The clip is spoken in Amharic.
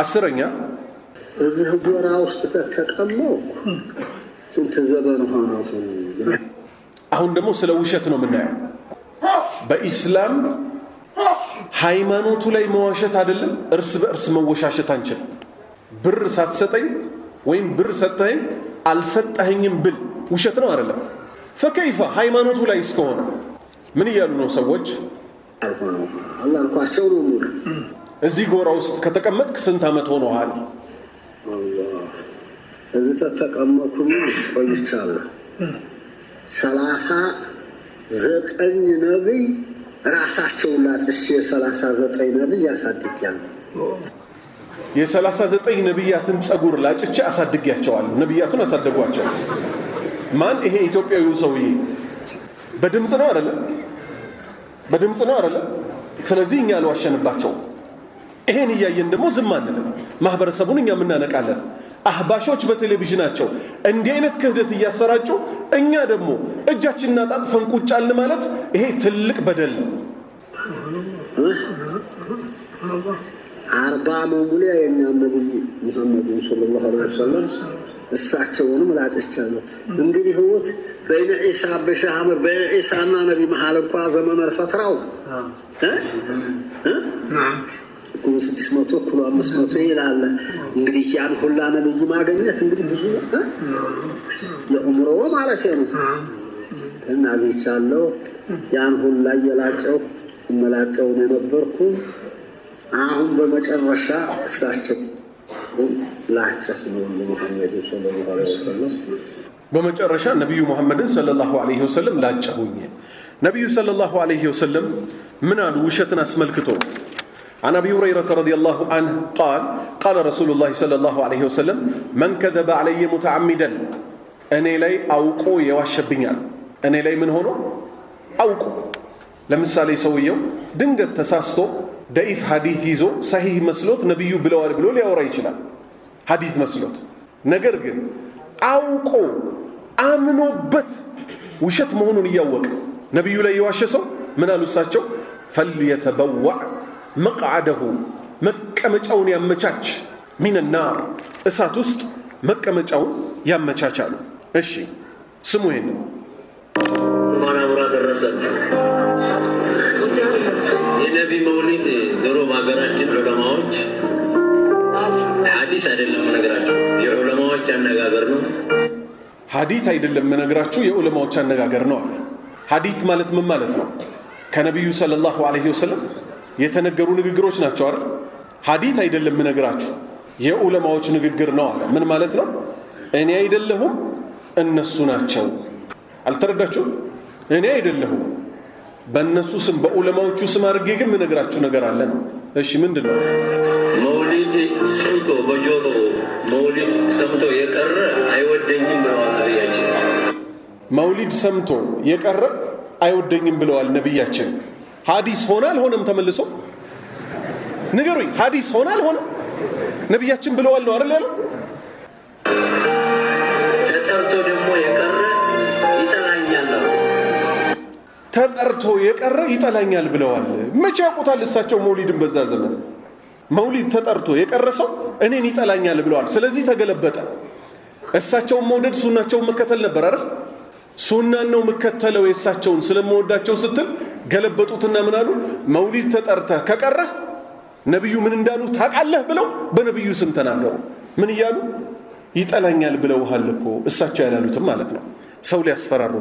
አስረኛ እዚህ ጎራ ውስጥ ተቀመው ስንት ዘመን ሆነው። አሁን ደግሞ ስለ ውሸት ነው የምናየው። በኢስላም ሃይማኖቱ ላይ መዋሸት አይደለም፣ እርስ በእርስ መወሻሸት አንችል። ብር ሳትሰጠኝ ወይም ብር ሰጠኝ አልሰጠኸኝም ብል ውሸት ነው አይደለም። ፈከይፋ ሃይማኖቱ ላይ እስከሆነ ምን እያሉ ነው ሰዎች? አልሆነ አላልኳቸው ነው እዚህ ጎራ ውስጥ ከተቀመጥክ ስንት ዓመት ሆኖሃል? እዚህ ተተቀመጥኩም ቆይቻለሁ። ሰላሳ ዘጠኝ ነቢይ ራሳቸውን ላጥሽ የሰላሳ ዘጠኝ ነቢይ አሳድጌያለሁ። የሰላሳ ዘጠኝ ነቢያትን ጸጉር ላጭቼ አሳድጌያቸዋለሁ። ነቢያቱን አሳደጓቸው። ማን ይሄ ኢትዮጵያዊው ሰውዬ? በድምፅ ነው አይደለ? በድምፅ ነው አይደለ? ስለዚህ እኛ አልዋሸንባቸውም። ይሄን እያየን ደግሞ ዝም አንልም። ማህበረሰቡን እኛ እናነቃለን። አህባሾች በቴሌቪዥናቸው እንዲህ አይነት ክህደት እያሰራጩ እኛ ደግሞ እጃችንን አጣጥፈን ቁጭ አልን ማለት ይሄ ትልቅ በደል ነው። አርባ መሙሊያ የሚያመጉ ሙሐመዱን ሰለላሁ ዐለይሂ ወሰለም እሳቸውንም ላጭቻለሁ። እንግዲህ ህይወት በይነ ዒሳ በሺህ በይነ በይነ እና ነቢ መሃል እንኳ ዘመመር ፈትራው እኩሉ ስድስት መቶ እኩሉ አምስት መቶ ይላል። እንግዲህ ያን ሁላ ነብይ ማገኘት እንግዲህ ብዙ የእምሮ ማለት ነው እና አግኝቻለሁ። ያን ሁላ እየላጨው እመላጨው ነው የነበርኩ። አሁን በመጨረሻ እሳቸው ላጨፍ ነው ሙሐመድ ሰለላሁ ዐለይሂ ወሰለም በመጨረሻ ነቢዩ ሙሐመድን ሰለላሁ ዐለይሂ ወሰለም ላጨሁኝ። ነቢዩ ሰለላሁ ዐለይሂ ወሰለም ምን አሉ? ውሸትን አስመልክቶ عن ابي هريره رضي الله عنه قال قال رسول الله صلى الله عليه وسلم من كذب علي متعمدا እኔ ላይ አውቆ የዋሸብኛል እኔ ላይ ምን ሆኖ አውቁ ለምሳሌ ሰውየው ድንገት ተሳስቶ ደኢፍ ሀዲት ይዞ ሰሂህ መስሎት ነቢዩ ብለዋል ብሎ ሊያወራ ይችላል ሀዲት መስሎት ነገር ግን አውቆ አምኖበት ውሸት መሆኑን እያወቀ ነቢዩ ላይ የዋሸ ሰው ምን አሉ እሳቸው ፈልየተበዋዕ መቅዓደሁ መቀመጫውን ያመቻች ሚንናር እሳት ውስጥ መቀመጫውን ያመቻቻሉ። እሺ ስሙ ይሄን ደረሰን የነቢ መውሊድ ድሮ በሀገራችን ዑለማዎች ሀዲስ አይደለም ነገራቸው፣ የዑለማዎች አነጋገር ነው። ሀዲት አይደለም ነገራችሁ፣ የዑለማዎች አነጋገር ነው አለ። ሀዲት ማለት ምን ማለት ነው? ከነቢዩ ሰለላሁ ዐለይሂ ወሰለም የተነገሩ ንግግሮች ናቸው አይደል? ሀዲት አይደለም የምነግራችሁ የዑለማዎች ንግግር ነው አለ። ምን ማለት ነው? እኔ አይደለሁም እነሱ ናቸው። አልተረዳችሁም? እኔ አይደለሁም በእነሱ ስም በዑለማዎቹ ስም አድርጌ ግን የምነግራችሁ ነገር አለ ነው። እሺ ምንድን ነው? መውሊድ ሰምቶ በጆሮ መውሊድ ሰምቶ የቀረ አይወደኝም ብለዋል ነቢያችን። መውሊድ ሰምቶ የቀረ አይወደኝም ብለዋል ነብያችን። ሀዲስ ሆነ አልሆነም? ተመልሶ ንገሩኝ። ሀዲስ ሆነ አልሆነም? ነቢያችን ብለዋል ነው አይደል ያለው? ተጠርቶ ደግሞ የቀረ ይጠላኛል፣ ተጠርቶ የቀረ ይጠላኛል ብለዋል። መቼ ያውቁታል እሳቸው መውሊድን? በዛ ዘመን መውሊድ ተጠርቶ የቀረ ሰው እኔን ይጠላኛል ብለዋል። ስለዚህ ተገለበጠ። እሳቸውን መውደድ ሱናቸውን መከተል ነበር አይደል? ሱናን ነው የምከተለው የእሳቸውን ስለምወዳቸው ስትል ገለበጡትና ምን አሉ? መውሊድ ተጠርተህ ከቀረህ ነቢዩ ምን እንዳሉ ታውቃለህ ብለው በነቢዩ ስም ተናገሩ። ምን እያሉ ይጠላኛል ብለውሃል እኮ እሳቸው ያላሉትም ማለት ነው። ሰው ሊያስፈራሩ